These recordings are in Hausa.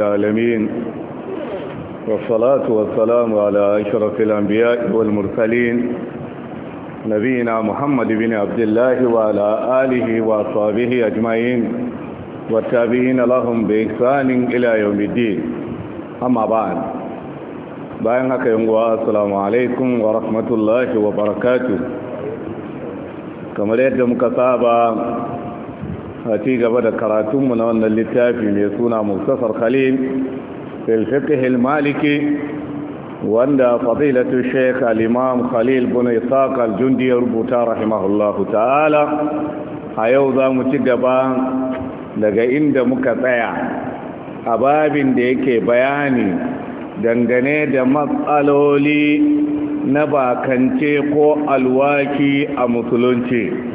العالمين والصلاة والسلام على أشرف الأنبياء والمرسلين نبينا محمد بن عبد الله وعلى آله وصحبه أجمعين والتابعين لهم بإحسان إلى يوم الدين أما بعد بأنك haka السلام عليكم ورحمة الله وبركاته كما wa barakatuh kamar a ci gaba da karatunmu na wannan littafi mai suna muktasar khalil fil maliki wanda fadilatu shaykh al khalil bin isaq al-jundi ya rubuta rahimahullahu ta'ala a yau za mu ci gaba daga inda muka tsaya a babin da yake bayani dangane da matsaloli na bakance ko alwaki a musulunci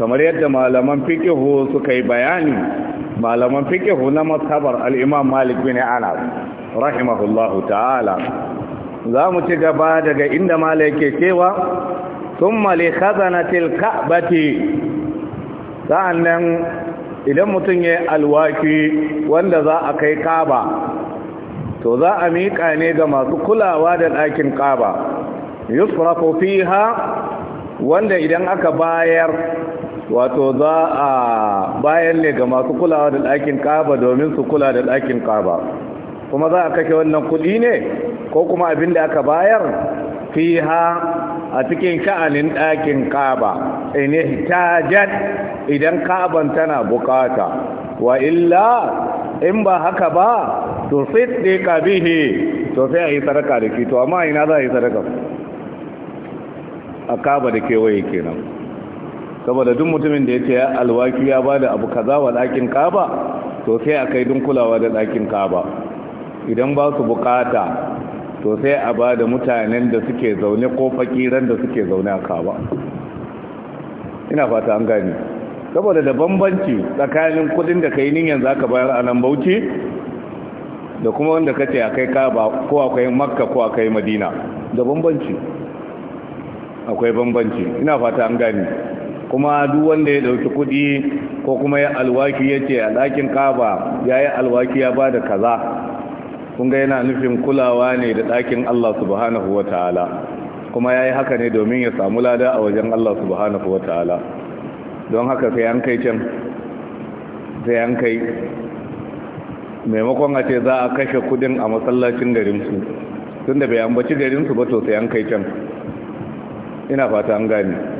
kamar yadda malaman fikihu suka yi bayani malaman fikihu na al imam malik bin anas rahimahullahu ta'ala za mu ci gaba daga inda malik ke cewa sun mali khazanatil ka'bati sa'annan idan mutum ya alwaki wanda za a kai kaba to za a miƙa ne ga masu kulawa da ɗakin kaba yusrafu fiha wanda idan aka bayar wato za a bayan ne ga masu kulawa da ɗakin kaba domin su kula da ɗakin kaba kuma za a kashe wannan kuɗi ne ko kuma abin da aka bayar fiha a cikin sha'anin ɗakin kaba in ihtajat idan kaban tana bukata wa illa in ba haka ba to siddiqa bihi to sai a yi sadaka da shi to amma ina za a yi sadaka a kaba da kewaye kenan saboda duk mutumin da ya ce ya alwaki ya ba da abu kaza wa ɗakin kaba to sai a kai dunkulawa da ɗakin kaba idan ba su bukata to sai a ba da mutanen da suke zaune ko fakiran da suke zaune a kaba ina fata an gani saboda da bambanci tsakanin kudin da ka yi niyan za ka bayar a nan bauchi da kuma wanda ka ce a kai kaba ko akwai makka ko akwai madina da bambanci akwai bambanci ina fata an gani kuma duk wanda ya dauki kudi ko kuma ya alwaki ya ce a ɗakin kaba ya yi alwaki ya ba da kaza kun ga yana nufin kulawa ne da ɗakin Allah subhanahu wa ta'ala kuma ya yi haka ne domin ya samu lada a wajen Allah subhanahu wa ta'ala don haka sai an kai can sai an kai maimakon a ce za a kashe kudin a masallacin garinsu tun da bai ambaci garinsu ba to sai an kai can ina fata an gani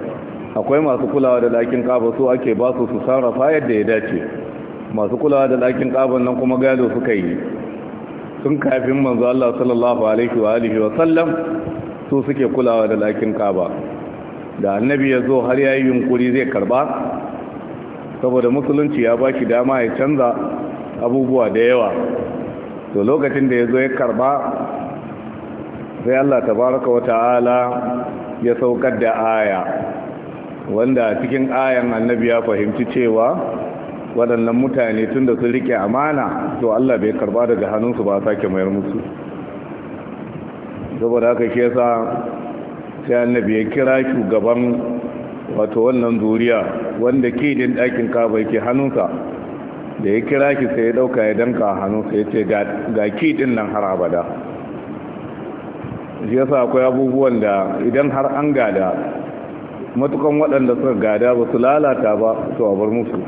akwai masu kulawa da ɗakin kaba su ake ba su su sarrafa yadda ya dace masu kulawa da ɗakin kaba nan kuma gado suka yi sun kafin manzo Allah sallallahu alaihi wa alihi wa sallam su suke kulawa da ɗakin kaba. da annabi ya zo har ya yi yunkuri zai karba saboda musulunci ya baki dama ya canza abubuwa da yawa to lokacin da ya zo ya karba sai Allah tabaraka wa ta'ala ya saukar da aya wanda cikin ayan annabi ya fahimci cewa waɗannan mutane tun da sun rike amana to Allah bai karba daga hannunsu ba sake mayar musu saboda haka ke sa sai annabi ya kira shugaban wato wannan zuriya wanda ke din ɗakin kaba yake hannunsa da ya kira ki sai ya ɗauka ya danka hannunsa ya ce ga ki din nan har abada shi yasa akwai abubuwan da idan har an gada matukan waɗanda suka gada ba su lalata ba su abar musu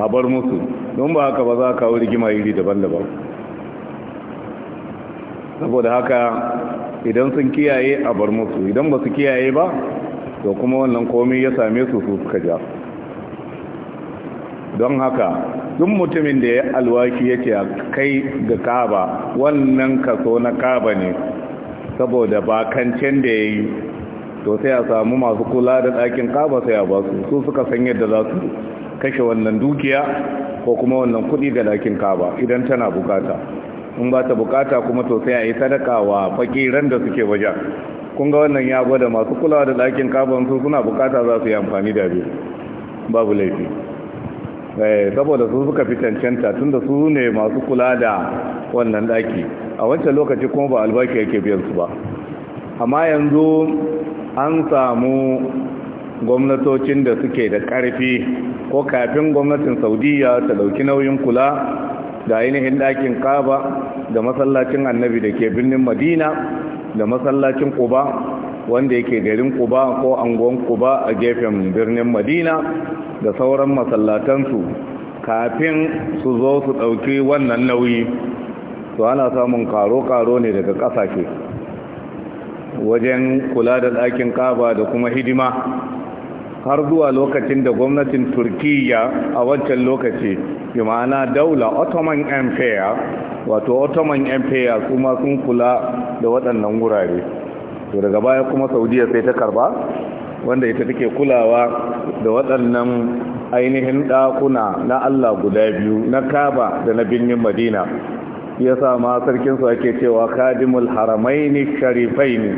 abar musu don ba haka ba za ka wuri gima iri daban-daban saboda haka idan sun kiyaye abar musu idan ba su kiyaye ba to kuma wannan komai ya same su su suka ja don haka duk mutumin da ya alwaki yake kai ga kaba wannan kaso na kaba ne saboda bakancin da ya yi to sai a samu masu kula da ɗakin kaba sai a basu su suka san yadda za su kashe wannan dukiya ko kuma wannan kuɗi ga ɗakin kaba idan tana bukata in ba ta bukata kuma to sai a yi sadaka wa fakiran da suke wajen kun ga wannan ya gwada masu kulawa da ɗakin ƙaba su suna bukata za su yi amfani da biyu babu laifi eh, saboda su suka fi cancanta tunda su ne masu kula da wannan ɗaki a wancan lokaci kuma ba albarki yake biyansu ba amma yanzu an samu gwamnatocin da suke da ƙarfi ko kafin gwamnatin saudiya ta dauki nauyin kula da ainihin ɗakin kaba da masallacin annabi da ke birnin madina da masallacin kuba wanda yake garin kuba ko angon kuba a gefen birnin madina da sauran masallatansu kafin su zo su ɗauki wannan nauyi to ana samun karo-karo ne daga ƙasashe wajen kula da ɗakin kaba da kuma hidima har zuwa lokacin da gwamnatin turkiyya a wancan lokaci yi ma'ana daula ottoman empire wato ottoman empire kuma sun kula da waɗannan wurare to daga baya kuma saudiya sai ta karba wanda ita take kulawa da waɗannan ainihin ɗakuna na Allah guda biyu na Kaba da na birnin Madina yasa ma sarkin su ake cewa kadimul haramaini sharifaini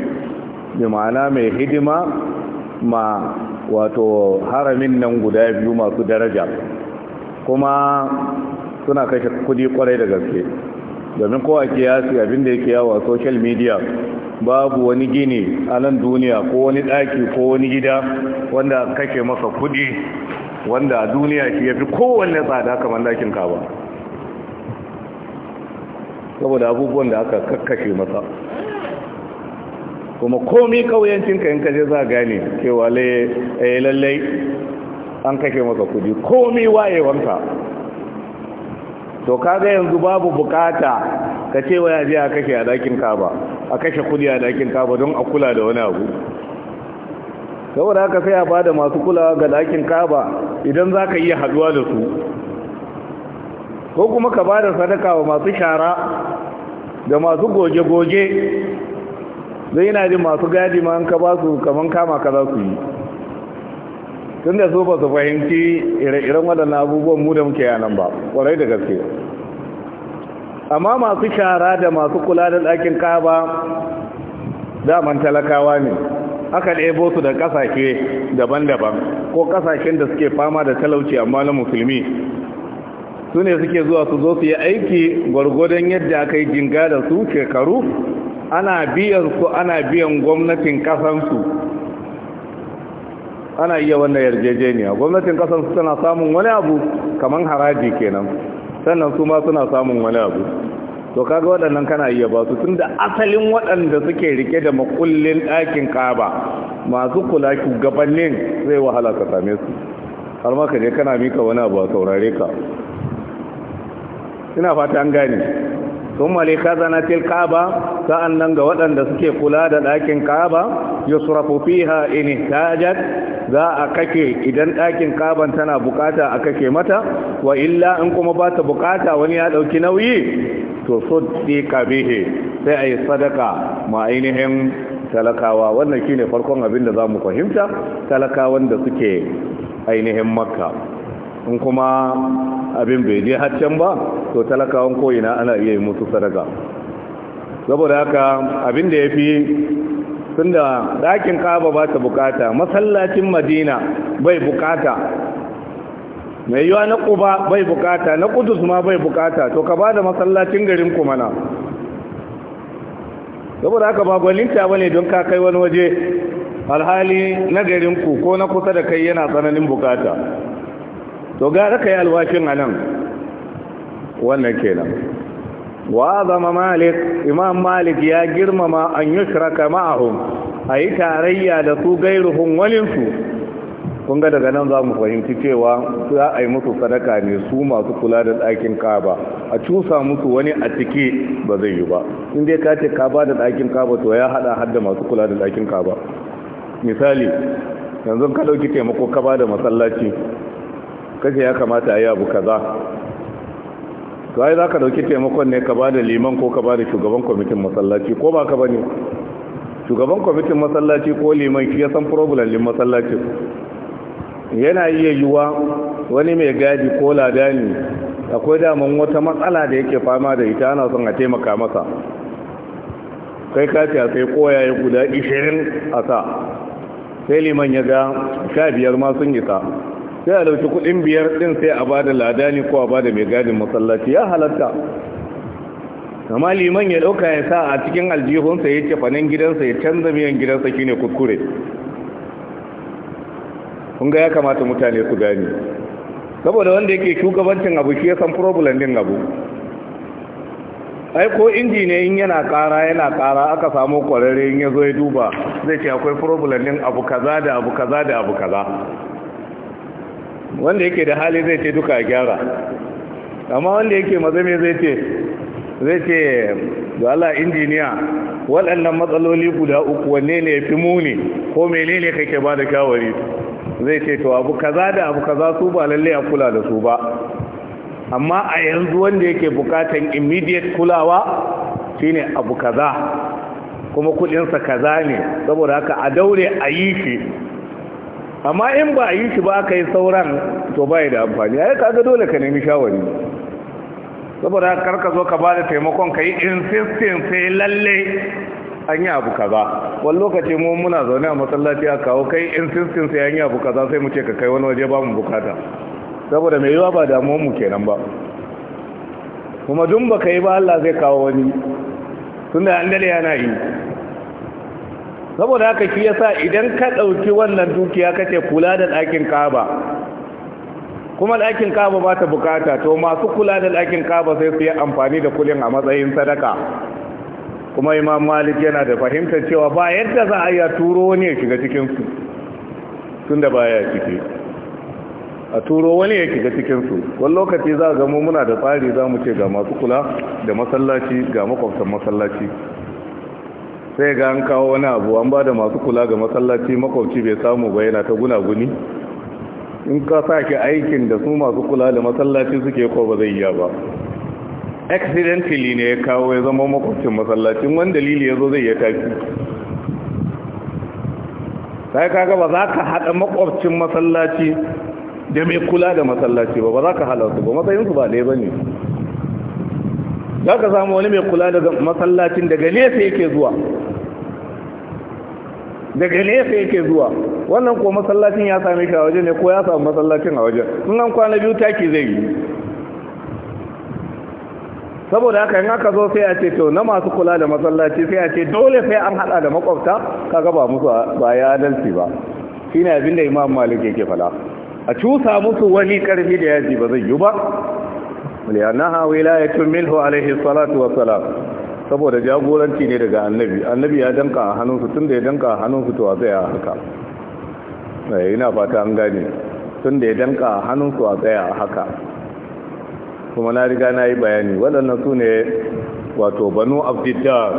bi ma'ana mai hidima ma wato haramin nan guda biyu masu daraja kuma suna kashe kudi kwarai da gaske domin kowa kiyasi abinda yake yawa social media babu wani gini a nan duniya ko wani daki ko wani gida wanda kashe masa kudi wanda duniya shi yafi fi kowanne tsada kamar dakin kaba saboda abubuwan da aka kakkashe masa kuma komi kauyancinka in kashe za gane cewa eh, lallai an kashe masa kudi komi wayewanka to kaga yanzu babu bukata ka ce waya je a kashe a dakin kaba a kashe kudi a dakin kaba don a kula da wani abu saboda haka sai a bada masu kulawa ga dakin kaba idan za ka iya haduwa da su ko kuma ka bada sadaka wa masu shara da masu goge-goge zai yana jin masu gadi ma ka ba su kaman kama ka za su yi tun da su ba su fahimci ire-iren waɗannan abubuwan mu da muke yanan ba ƙwarai da gaske amma masu shara da masu kula da ɗakin kaba daman talakawa ne aka ɗebo su da ƙasashe daban-daban ko ƙasashen da suke fama da talauci amma na musulmi su ne suke zuwa su zo su yi aiki gwargwadon yadda aka yi jinga da su shekaru ana biyan su ana biyan gwamnatin kasansu ana iya wannan yarjejeniya gwamnatin kasansu tana samun wani abu kamar haraji kenan sannan su ma suna samun wani abu to kaga waɗannan kana iya ba su tunda asalin waɗanda suke rike da makullin ɗakin kaba masu kula shugabannin zai wahala ka same su har ma ka je kana mika wani abu a saurare ka ina fata an gane sun malika zana til kaba sa'an nan ga waɗanda suke kula da ɗakin kaba yusrafu fiha in ihtajat za a kake idan ɗakin kaban tana bukata a kake mata wa illa in kuma ba ta bukata wani ya ɗauki nauyi to soddi kabihe sai a yi sadaka ma ainihin talakawa wannan ne farkon abin da za mu fahimta talakawan da suke ainihin makka in kuma abin bai je haccen ba to talakawan ko'ina ana iya yi musu sadaka saboda haka abin da ya fi tun da ƙaba ba ta bukata masallacin madina bai bukata mai yiwa na ƙuba bai bukata na kudus ma bai bukata to ka bada masallacin garin kumana saboda haka ba gwalinta ba ne don ka kai wani waje alhali na garinku ko na kusa da kai yana tsananin bukata to ga ka yi alwashin a nan wannan kenan wa zama malik imam malik ya girmama an yi shiraka ma'ahun a yi tarayya da su gairuhun walinsu kun ga daga nan za mu fahimci cewa za a yi musu sadaka ne su masu kula da ɗakin kaba a cusa musu wani a ciki ba zai yi ba in dai ka ce kaba da ɗakin kaba to ya haɗa hadda masu kula da ɗakin kaba misali yanzu ka ɗauki taimako kaba da masallaci kake ya kamata a yi abu kaza za za ka ɗauki taimakon ne ka ba da liman ko ka ba da shugaban kwamitin masallaci ko ba ka ba ne shugaban kwamitin masallaci ko liman shi ya san problem din masallacin yana iya yiwuwa wani mai gadi ko ladani akwai daman wata matsala da yake fama da ita ana son a taimaka masa kai kati a sai ya guda ishirin a sa sai liman ya ga sha biyar ma sun isa sai a dauki kudin biyar din sai a bada ladani ko a bada mai gadin masallaci ya halatta amma liman ya dauka ya sa a cikin aljihunsa ya ce fanin gidansa ya canza miyan gidansa shine kuskure kun ga ya kamata mutane su gane saboda wanda yake shugabancin abu shi ya san problem din abu ai ko inji ne in yana kara yana kara aka samu kwararre in ya zo ya duba zai ce akwai problem din abu kaza da abu kaza da abu kaza wanda yake da hali zai ce duka a gyara amma wanda yake mazame zai ce zai ce da Allah injiniya waɗannan matsaloli guda uku wanne ne fi muni ko menene kake ba da kyawari zai ce to abu kaza da abu kaza su ba lalle a kula da su ba amma a yanzu wanda yake bukatan immediate kulawa shine abu kaza kuma kudinsa kaza ne saboda haka a daure a yi shi amma in ba a yi shi ba ka yi sauran to bai da amfani yi kaga dole ka nemi shawari saboda kar ka zo ka ba da taimakon ka yi insistin sai lalle an yi abu kaza wani lokaci mu muna zaune a masallaci a kawo kai insistin sai an yi abu kaza sai mu ce ka kai wani waje ba mu bukata saboda mai yiwa ba damuwar mu kenan ba kuma dun ba ka yi ba Allah zai kawo wani tunda an yana saboda haka shi yasa idan ka ɗauki wannan dukiya kace kula da ɗakin kaba kuma ɗakin kaba ba ta bukata to masu kula da ɗakin kaba sai su yi amfani da kulin a matsayin sadaka kuma imam malik yana da fahimtar cewa ba yadda za a iya turo wani ya shiga cikinsu tun da baya ciki a turo wani ya shiga cikinsu wani lokaci za a mu muna da tsari za mu ce ga masu kula da masallaci ga makwabtan masallaci sai ga an kawo wani abu an ba da masu kula ga masallaci makwabci bai samu ba yana ta gunaguni in ka sake aikin da su masu kula da masallaci suke ko ba zai iya ba accidentally ne ya kawo ya zama makwabcin masallacin wani dalili ya zo zai ya tafi sai ga ba za ka haɗa makwabcin masallaci da mai kula da masallaci ba ba za ka halarsu ba matsayinsu ba ɗaya ba ne za ka samu wani mai kula da masallacin daga nesa yake zuwa daga nefe yake zuwa wannan ko masallacin ya sami shi a waje ne ko ya samu masallacin a waje sunan kwana biyu taki zai yi saboda haka in aka zo sai a ce to na masu kula da masallaci sai a ce dole sai an hada da makwabta ka ba musu ba ya adalci ba Shi shine abinda imam malik yake fala a cusa musu wani karfi da yaji ba zai yi ba liyanaha wilayatun milhu alaihi salatu wassalam saboda jagoranci ne daga annabi annabi ya danka a hannunsu tun da ya danka a hannunsu to a tsaya haka eh, ina fata an gane tun da ya danka a hannunsu a tsaya haka kuma na riga na yi bayani waɗannan su ne wato banu abdiddar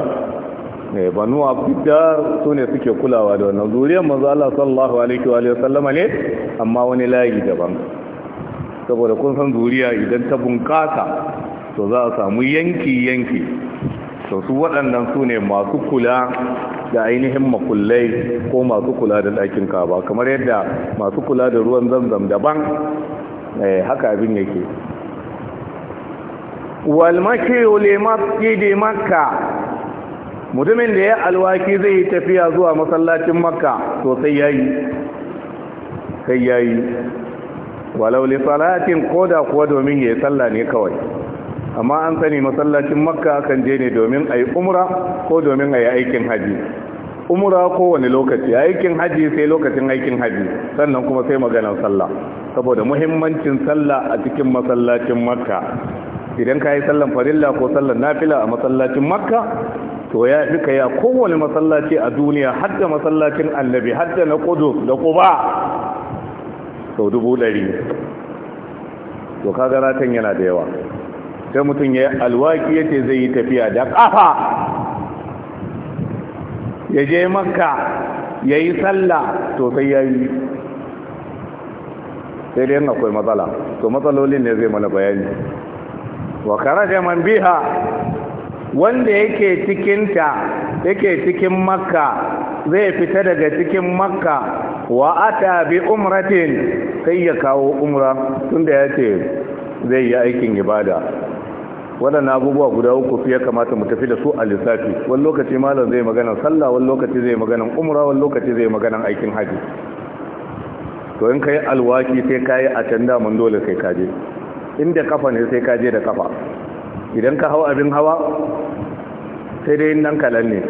ne eh, banu abdiddar su ne suke kulawa da wannan zuriyar manzo Allah sallallahu alaihi wa sallama ne amma wani layi daban saboda kun san zuriya idan ta bunƙasa to za a samu yanki yanki to su waɗannan su ne masu kula da ainihin makullai ko masu kula da ɗakin kaba kamar yadda masu kula da ruwan zamzam daban eh, haka abin yake walmakiyu limasjidi makka mutumin da ya alwaki zai yi tafiya zuwa masallacin makka to sai yayi sai yayi walau lisalatin ko koda kuwa domin yayi sallah ne kawai amma an sani masallacin makka kan je ne domin a umra ko domin a aikin haji umra kowane lokaci aikin haji sai lokacin aikin haji sannan kuma sai maganar sallah saboda muhimmancin sallah a cikin masallacin makka idan ka yi sallan farilla ko sallan nafila a masallacin makka to ya fi kaya kowane masallaci a duniya hadda masallacin annabi hadda na kudu da kuba sau dubu ɗari to kaga ratan yana da yawa sai mutum ya alwaki ya ce zai yi tafiya da ƙafa ya je makka ya yi sallah to sai ya yi sai dai akwai matsala to matsalolin ne zai mana bayani wa da man biha wanda yake cikinta yake cikin makka zai fita daga cikin makka wa ata bi umratin sai ya kawo umra tunda ya ce zai yi aikin ibada waɗannan abubuwa guda uku ya kamata mu tafi da su a lissafi wani lokaci malam zai magana sallah wani lokaci zai magana umra wani lokaci zai magana aikin haji to in kai alwaki sai ka yi a can daman dole sai kaje inda kafa ne sai kaje da kafa idan ka hau abin hawa sai dai nan kalan ne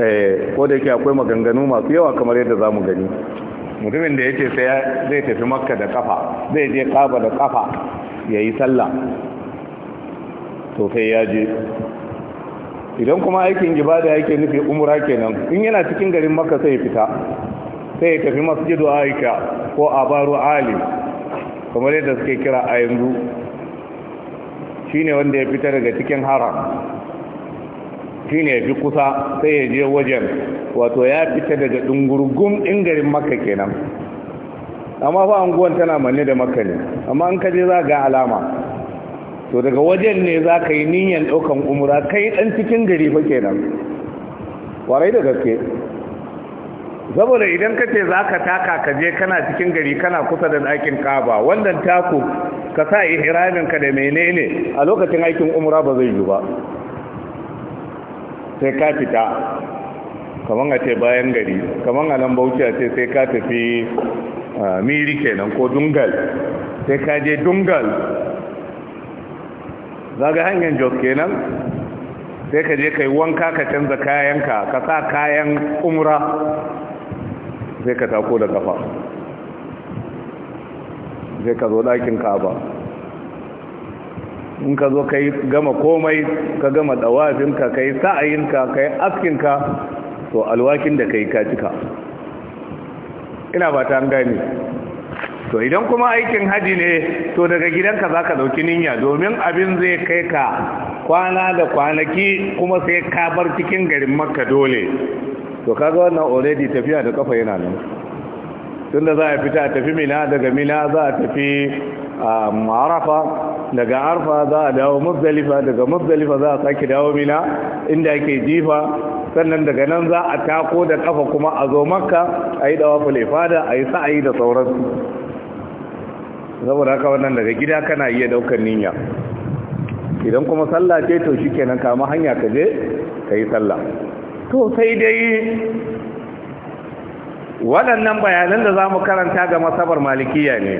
eh, ko da yake akwai maganganu masu yawa kamar yadda za mu gani mutumin da ya ce sai zai tafi makka da kafa zai je kaba da kafa ya yi sallah to sai ya je idan kuma aikin ibada yake nufi umra kenan in yana cikin garin maka sai fita sai ya tafi masjidu aika ko abaru ali kamar yadda suke kira a yanzu shine wanda ya fita daga cikin haram shine ya fi kusa sai ya je wajen wato ya fita daga dungurgun in garin maka kenan amma fa anguwan tana manne da maka ne amma an kaje za ga alama to daga wajen ne za ka yi niyan ɗaukan umura kai ɗan cikin gari fa kenan warai da gaske saboda idan kace ce za ka taka ka je kana cikin gari kana kusa da ɗakin kaba wannan taku ka sa ihraminka da menene a lokacin aikin umura ba zai yi ba sai ka fita kamar a ce bayan gari kamar a nan bauchi a ce sai ka tafi ah, miri kenan ko dungal sai ka je dungal zaga hanyar jos kenan sai ka je ka yi wanka ka canza kayanka ka sa kayan umra sai ka tako da kafa sai ka zo ɗakin kaba in ka zo ka yi gama komai ka gama ɗawafinka ka yi sa'ayinka ka yi askinka to alwakin da ka yi ka cika ina ba ta gani to idan kuma aikin haji ne to daga gidanka za ka dauki ninya domin abin zai kai ka kwana da kwanaki kuma sai ka bar cikin garin makka dole to kaga wannan already tafiya da kafa yana nan tunda za a fita tafi mina daga mina za a tafi arafa daga arfa za a dawo muzdalifa daga muzdalifa za a sake dawo mina inda ake jifa sannan daga nan za a tako da kafa kuma a zo makka a yi ifada a yi sa'ayi da sauransu saboda haka wannan daga gida kana iya daukar niyya idan kuma sallah ce to shikenan kama hanya ka je ka sallah to sai dai waɗannan bayanan da zamu karanta ga masabar malikiya ne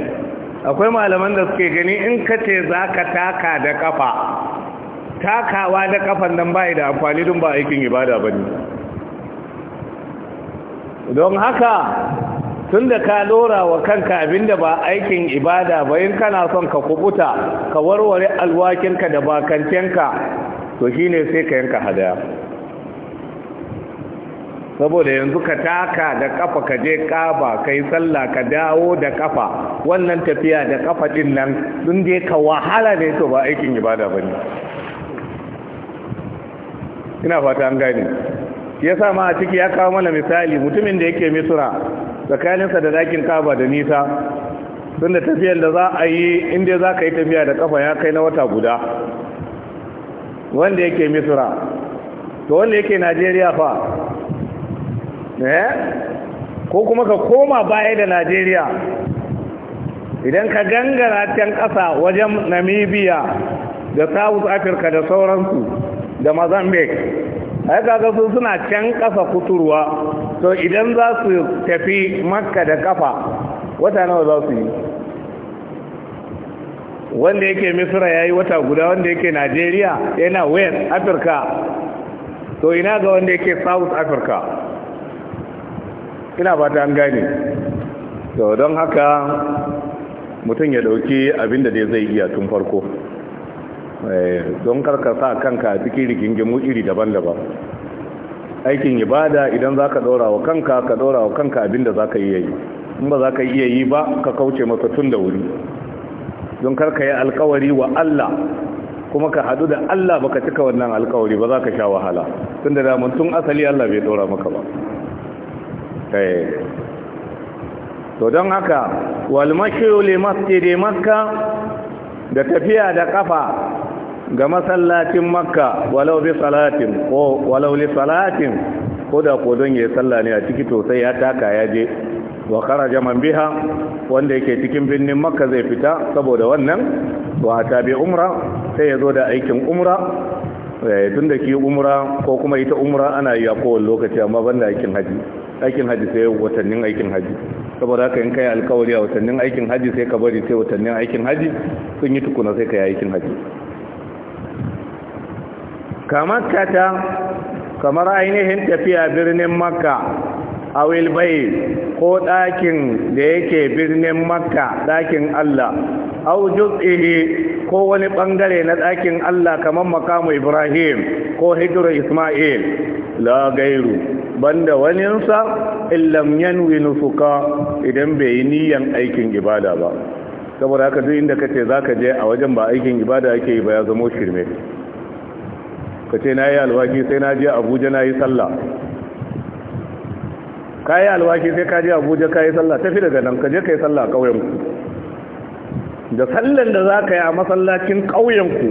akwai malaman da suke gani in ka ce za ka taka da kafa takawa da kafan nan bai da amfani don ba aikin ibada bane don haka tun da ka dora wa kanka abinda ba aikin ibada ba in kana son ka kubuta ka warware alwakinka da bakancenka to shine sai ka yanka hadaya saboda yanzu ka taka da kafa ka je kaba kai sallah ka dawo da kafa wannan tafiya da kafa din nan dun dai ka wahala ne to ba aikin ibada bane ina fata an gane yasa ma a ciki ya kawo mana misali mutumin da yake misura tsakaninsa da dakin kaba da nisa tunda tafiyar da za a yi inda za ka yi tafiya da kafa ya kai na wata guda wanda yake misira to wanda yake najeriya fa eh ko kuma ka koma baya da najeriya idan ka gangara can ƙasa wajen namibia da south africa da sauransu da mozambique ai ga su suna can ƙasa kuturwa to idan za su tafi makka da kafa wata nawa za su yi wanda yake misira ya yi wata guda wanda yake najeriya yana west africa to ina ga wanda yake south africa ina ba ta an gane to don haka mutum ya dauki abinda da zai iya tun farko eh, don karkasa kanka cikin rigingimu iri daban-daban aikin ibada idan za ka ɗora wa kanka ka ɗora wa kanka abin da za ka iya yi in ba za ka iya yi ba ka kauce masa tun da wuri don karka yi alkawari wa Allah kuma ka haɗu da Allah baka cika wannan alkawari ba za ka sha wahala tun da damun tun asali Allah bai ɗora maka ba eh. to don haka walmashi limasjidi makka da tafiya da kafa ga masallacin makka walau bi salatin ko walau li salatin ko da ko don ya salla ne a ciki to sai ya taka ya je wa kharaja man biha wanda yake cikin birnin makka zai fita saboda wannan wa ta bi umra sai ya zo da aikin umra eh tunda ki umra ko kuma ita umra ana yi a kowane lokaci amma banda aikin haji aikin haji sai watannin aikin haji saboda haka in kai alkawari a watannin aikin haji sai ka bari sai watannin aikin haji sun yi tukuna sai ka yi aikin haji kamakkata kamar ainihin tafiya birnin makka a wilbai ko ɗakin da yake birnin makka ɗakin allah au juz'ihi ko wani ɓangare na ɗakin allah kamar makamu ibrahim ko hijira isma'il la gairu banda waninsa illam yanwi nufuka idan bai yi niyan aikin ibada ba saboda haka duk inda kace zaka je a wajen ba aikin ibada ake yi ba ya zama shirme ka ce na yi alwaki sai na je abuja na yi sallah ka yi alwaki sai ka je abuja ka yi sallah tafi daga nan ka je ka yi sallah a ƙauyenku da sallan da za ka yi a masallacin ƙauyenku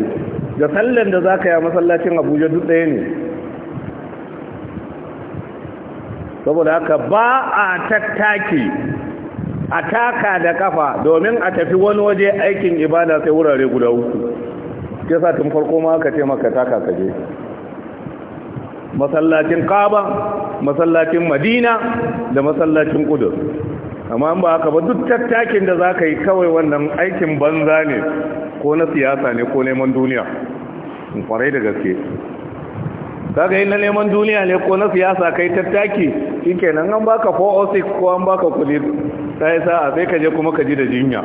da sallan da za ka yi a masallacin abuja duk ɗaya ne saboda haka ba a tattaki a taka da kafa domin a tafi wani waje aikin ibada sai wurare guda uku ke sa tun farko ma aka ce maka taka kaje masallacin kaba masallacin madina da masallacin kudus amma ba haka ba duk tattakin da za ka yi kawai wannan aikin banza ne ko na siyasa ne ko neman duniya in kwarai da gaske kaga yi na neman duniya ne ko na siyasa kai tattaki shi kenan an baka 406 ko an baka kudi ta yi sa'a sai ka je kuma ka ji da jinya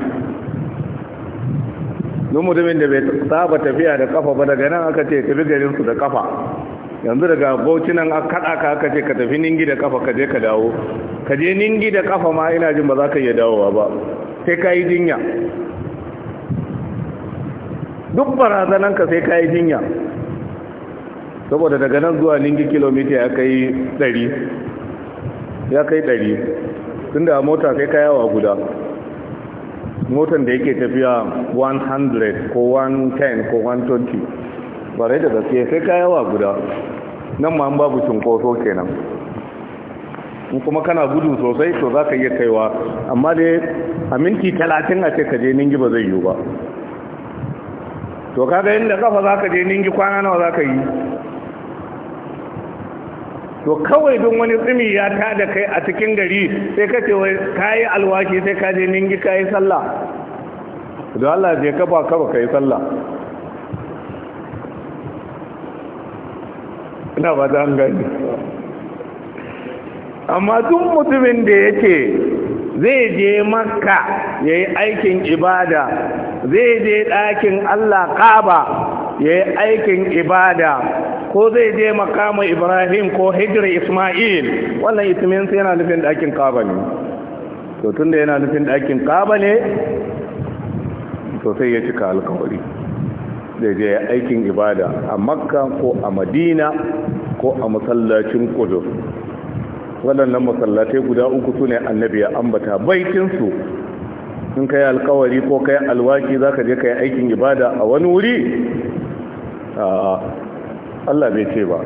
don mutumin da bai saba tafiya da kafa ba daga nan aka ce tafi su da kafa yanzu daga bauchi nan aka kada ka aka ce ka tafi ningi da kafa ka je ka dawo ka je ningi da kafa ma ina jin ba za ka iya dawowa ba sai ka yi jinya duk barazanan ka sai ka yi jinya saboda daga nan zuwa ningi kilomita ya kai dari ya kai dari tunda mota sai ka yawa guda motan da yake tafiya 100 ko 110 ko 120 rai da gaske sai kayawa guda nan ma an babu cunkoso kenan in kuma kana gudu sosai to za ka iya kaiwa amma dai a minti talatin a ce ka je ningi ba zai yiwu ba to kaga inda kafa za ka je ningi kwana nawa za ka yi to kawai don wani tsimi ya ta da kai a cikin gari sai ka ce wai ka yi alwaki sai ka je ningi ka yi sallah da Allah je ka ba ka ba ka yi sallah ina ba ta gani amma tun mutumin da yake zai je makka ya yi aikin ibada zai je ɗakin Allah ƙaba ya yi aikin ibada ko zai je makamu ibrahim ko hijira isma'il wannan isminsa yana nufin ɗakin kaba ne to tunda yana nufin ɗakin kaba ne to sai ya cika alkawari zai je aikin ibada a makka ko a madina ko a masallacin kudur waɗannan masallatai guda uku su ne annabi ya ambata baitinsu in ka yi alkawari ko ka yi alwaki za ka je ka yi aikin ibada a wani wuri Allah bai ce ba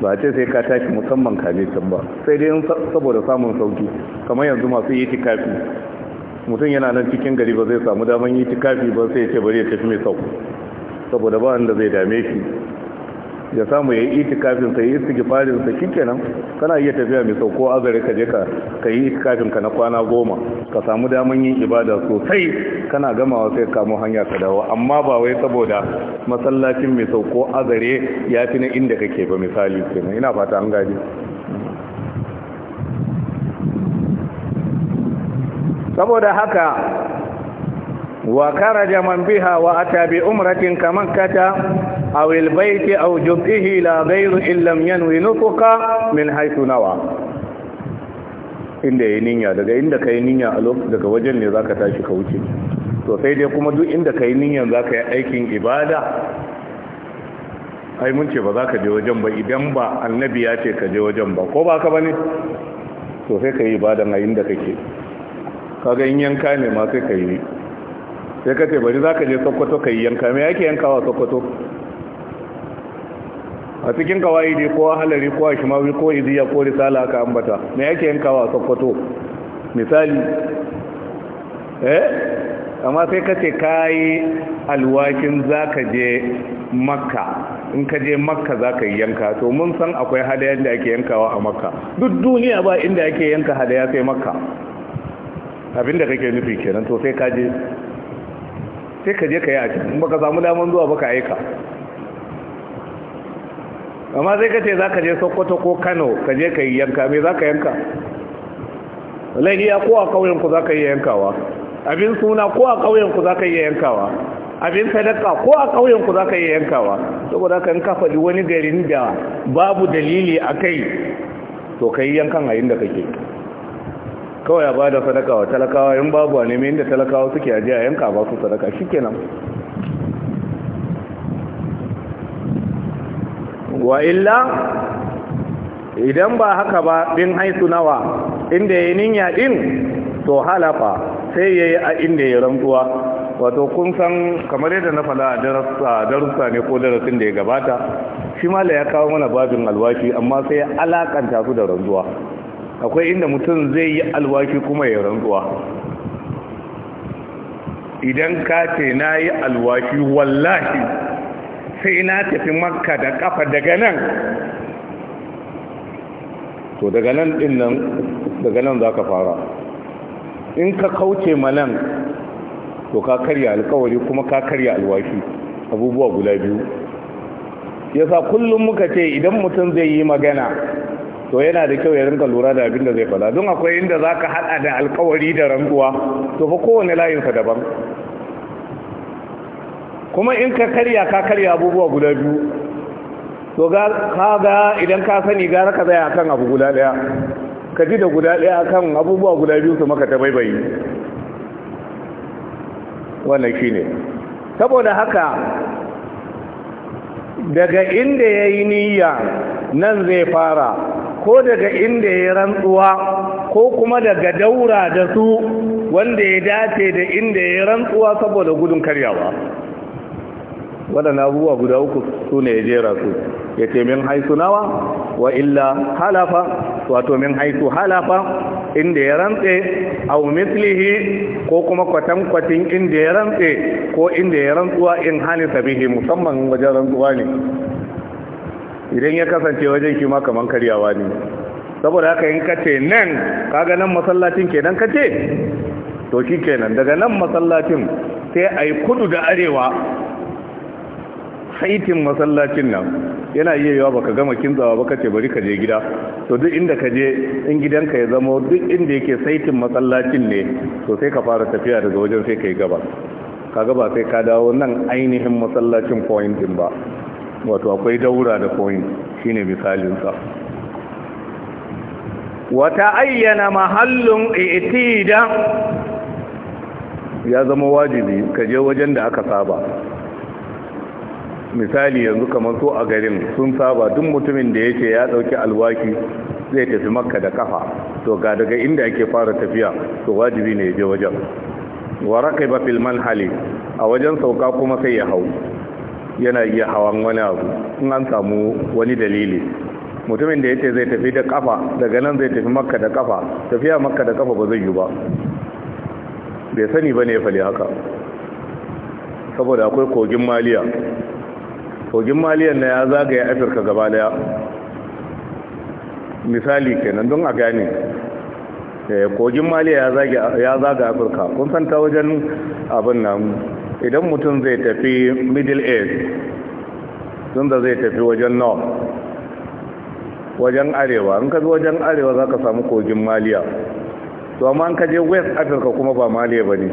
ba ce sai ka tashi musamman kame can ba sai dai saboda samun sauki kamar yanzu masu yi tikafi mutum yana nan cikin gari ba zai samu daman yi tikafi ba sai ya ce bari ya tafi mai sauki saboda ba wanda zai dame shi ya samu ya yi itikafin sai yi istighfarin sa kana iya tafiya mai sauko azare ka je ka ka yi itikafin ka na kwana goma ka samu daman yin ibada sosai kana gamawa sai kamo hanya ka dawo amma ba wai saboda masallacin mai sauko azare ya fi na inda kake ba misali kenan ina fata an gaji saboda haka wa karaja man biha wa ata bi umratin kaman kata البيت albayt aw jubhihi غير ghayru لم ينوي nutuqa من حيث nawa inda yayi niyya daga inda kai niyya a lokacin daga wajen ne zaka tashi ka wuce to sai dai kuma duk inda kai za zaka yi aikin ibada ai mun ce ba za ka je wajen ba idan ba annabi ya ce ka je wajen ba ko ba ka bane to sai ka yi ibadan a inda kake kaga in yanka ne ma sai ka yi sai ka ce bari za ka je sokoto ka yi yanka me yake yankawa sokoto a cikin dai ko halari ko shimawi ko iziya ko risala aka ambata me yake yin a sokoto misali eh amma sai ka ce kayi alwakin zaka je makka in ka je makka zaka yanka to mun san akwai hadayar da ake yankawa a makka duk duniya ba inda ake yanka hadaya sai makka abinda kake nufi kenan to sai ka je sai ka je ka yi a cikin baka samu daman zuwa baka aika amma zai kace za ka je sokoto ko kano ka je ka yi yanka me za ka yanka laihiya ko a ƙauyenku za ka yi yankawa abin suna ko a ƙauyenku za ka yi yankawa abin sadaka ko a ƙauyenku za ka yi yankawa saboda kan ka faɗi wani garin da babu dalili a kai to ka yi yankan a inda kake kawai a ba da sadaka wa talakawa in babu a neme inda talakawa suke a yanka ba su sadaka shi wa illa idan ba haka ba ɗin haisu nawa inda ya ninya din to halafa sai ya yi a inda ya rantsuwa wato kun san kamar yadda na fada a darussa ne ko darasin da ya gabata shi mala ya kawo mana babin alwashi amma sai ya alakanta su da rantsuwa akwai inda mutum zai yi alwashi kuma ya rantsuwa idan ka ce na yi alwashi wallahi sai na tafi makka da kafa daga nan to daga nan din nan daga nan za ka fara in ka kauce ma nan to ka karya alkawari kuma ka karya alwashi abubuwa guda biyu yasa kullum muka ce idan mutum zai yi magana to yana da kyau ya rinka lura da abin da zai fada don akwai inda za ka haɗa da alkawari da rantsuwa to fa kowane layinsa daban kuma in ka karya ka karya abubuwa guda biyu to ka ga idan ka sani gara ka zaya akan abu guda daya ka ji da guda daya akan abubuwa guda biyu su maka ta baibayi wannan shine saboda haka daga inda ya yi niyya nan zai fara ko daga inda ya rantsuwa ko kuma daga daura da su wanda ya dace da inda ya rantsuwa saboda gudun karyawa waɗanda abubuwa guda uku su ne ya jera su ya ce min haisu nawa wa illa halafa wato min haisu halafa inda ya rantse au mislihi ko kuma kwatankwacin inda ya rantse ko inda ya rantsuwa in hali sabihi musamman wajen rantsuwa ne idan ya kasance wajen shi ma kamar karyawa ne saboda haka in kace nan kaga nan masallacin kenan kace to shi kenan daga nan masallacin sai a yi kudu da arewa saitin masallacin nan yana iya yawa baka gama kintsawa baka ce bari ka je gida to duk inda ka je in gidanka ya zama duk inda yake saitin masallacin ne to sai ka fara tafiya daga wajen sai ka yi gaba ka gaba sai ka dawo nan ainihin masallacin point din ba wato akwai daura da point shine misalin sa wata ayyana mahallun itida ya zama wajibi ka je wajen da aka saba misali yanzu kamar so a garin sun saba duk mutumin da ya ce ya dauki alwaki zai tafi makka da kafa to ga daga inda ake fara tafiya to wajibi ne ya je wajen wa raqiba fil manhali a wajen sauka kuma sai ya hau yana iya hawan wani abu in an samu wani dalili mutumin da yace zai tafi da kafa daga nan zai tafi makka da kafa tafiya makka da kafa ba zai yi ba bai sani bane ya fali haka saboda akwai kogin maliya kogin maliyan na ya zagaya afirka gaba daya misali kenan don a gane eh, kogin maliya ya zaga afirka kun santa wajen abin nan idan mutum zai tafi middle east tun da zai tafi wajen north wajen arewa in ka zo wajen arewa za ka samu kogin maliya to amma an ka je west afirka kuma ba maliya ba ne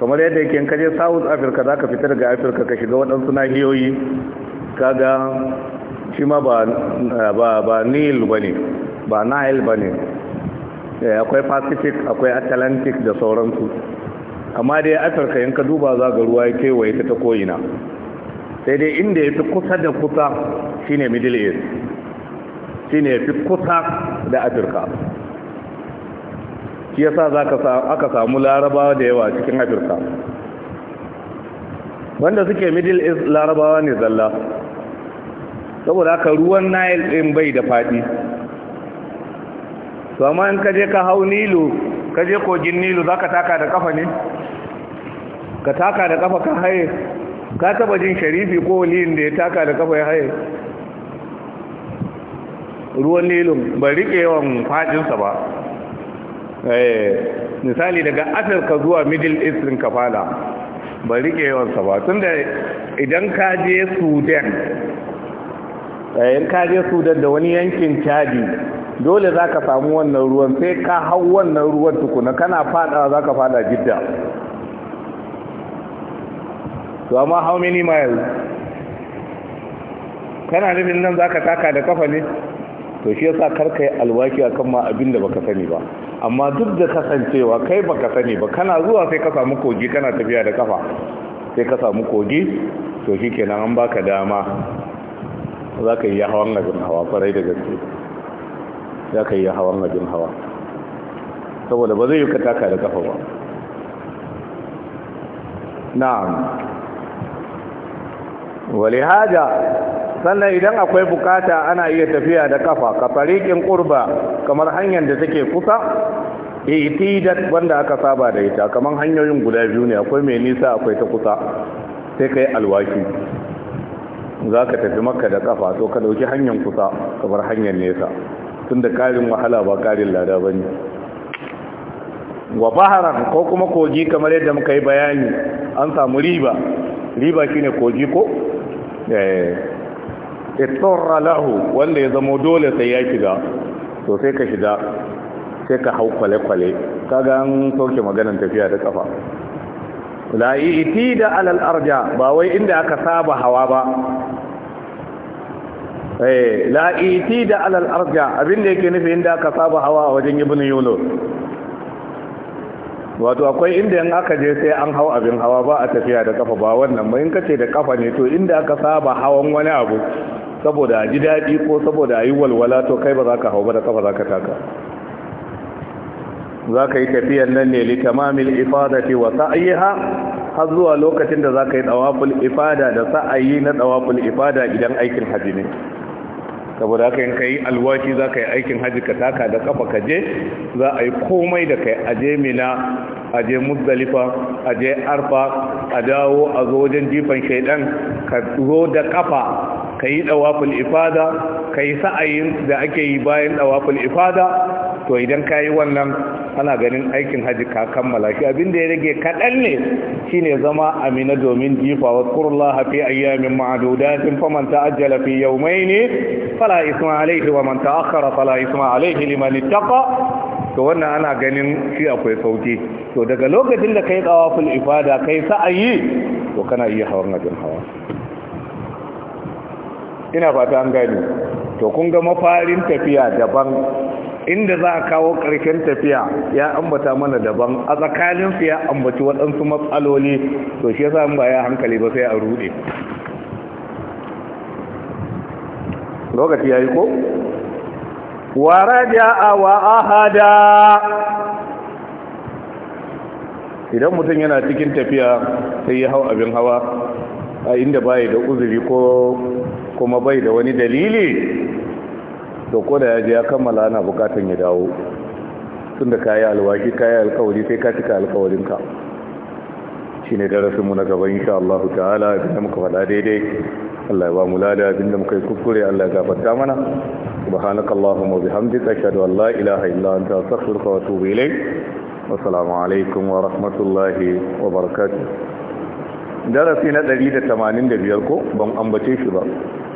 kamar yadda yake ka je south africa za ka fita daga afirka ka shiga waɗansu nahiyoyi kaga shi ma ba nil ba ne ba nile ba ne eh, akwai pacific akwai atlantic da sauransu amma dai afirka yanka duba za ga ruwa ya kewaye ta ta ko'ina sai dai inda ya fi kusa da kusa shine middle east shine ya fi kusa da afirka shi yasa aka samu larabawa da yawa cikin afirka wanda suke middle east larabawa ne zalla saboda aka ruwan nile ɗin bai da faɗi to amma in kaje ka hau nilu kaje kogin nilu za ka taka da kafa ne ka taka da kafa ka haye ka taba jin sharifi ko waliyin da ya taka da kafa ya haye ruwan Nilu ba riƙe yawan faɗinsa ba Eh, misali daga afirka zuwa middle east din kafala ba rike yawansa ba tunda idan ka je sudan eh, in ka je sudan da wani yankin chadi dole za ka samu wannan ruwan sai ka hau wannan ruwan tukuna kana fada za ka fada jidda to amma how many miles kana nufin nan za ka taka da kafa ne to shi yasa kar kai alwaki akan ma abin da baka sani ba amma duk da kasancewa kai baka sani ba kana zuwa sai ka samu kogi kana tafiya da kafa sai ka samu kogi to shi kenan an baka dama za ka yi hawan abin hawa farai da gaske za ka yi hawan abin hawa saboda ba zai yi ka taka da kafa ba na'am wali hada sannan idan akwai bukata ana iya tafiya da kafa ka farikin kurba kamar hanyar da take kusa itidat eh, wanda aka saba da ita kamar hanyoyin guda biyu ne akwai mai nisa akwai ta kusa sai ka alwaki za ka tafi maka da kafa to ka ɗauki hanyar kusa kamar hanyar nesa tun da ƙarin wahala ba karin lada ba ne wa baharan ko kuma kogi kamar yadda muka yi bayani an samu riba riba shine kogi ko eh. ittorra lahu wanda ya zama dole sai ya shiga to sai ka shiga sai ka hau kwale-kwale kaga an sauke maganin tafiya da kafa la'i iti da alal arja ba wai inda aka saba hawa ba eh iti da alal arja abinda yake nufi inda aka saba hawa a wajen ibn yunus wato akwai inda yan aka je sai an hau abin hawa ba a tafiya da kafa ba wannan ba in kace da kafa ne to inda aka saba hawan wani abu saboda ji daɗi ko saboda a yi walwala to kai ba za ka hau ba da kafa za ka taka za ka yi tafiyan nan ne tamamil ifadati wa sa'iha har zuwa lokacin da za ka yi tsawaful ifada da sa'ayi na tsawaful ifada idan aikin haji ne saboda haka in kai alwashi za ka yi aikin haji ka taka da kafa ka je za a yi komai da kai aje mina aje muzdalifa aje arfa a dawo a zo wajen jifan shaidan ka zo da kafa ka yi dawafin ifada ka yi sa'ayin da ake yi bayan ɗawafin ifada to idan ka yi wannan ana ganin aikin hajji ka kammala shi abinda ya rage kaɗan ne shi ne zama amina domin jifa wa kurullaha fi ayyamin ma'adudatin faman ta'ajjala fi yawmaini fala isma alaihi wa man ta'akhkhara fala isma alaihi liman ittaqa to wannan ana ganin shi akwai sauki to daga lokacin da kai tsawaful ifada kai sa'ayi to kana iya hawan ajin hawa ina fata an gani to kun ga mafarin tafiya daban inda za a kawo ƙarshen tafiya ya ambata mana daban a tsakaninsu ya ambaci waɗansu matsaloli to shi yasa ba ya hankali ba sai a rude lokaci ya yi ko waraja'a wa ahada idan mutum yana cikin tafiya sai ya hau abin hawa a inda bai da uzuri ko kuma bai da wani dalili to ko da ya je ya kammala ana bukatan ya dawo tun da kayi alwaki kayi alkawari sai ka cika alkawarinka shi ne darasinmu na gaba insha Allah ta'ala abinda muka faɗa daidai Allah ya ba mu lada abinda muka yi kuskure Allah ya gafarta mana subhanaka allahumma bihamdika ashhadu an la ilaha illa anta astaghfiruka wa atubu ilayk wa alaikum wa rahmatullahi wa barakatuh darasi na 185 ko ban ambace shi ba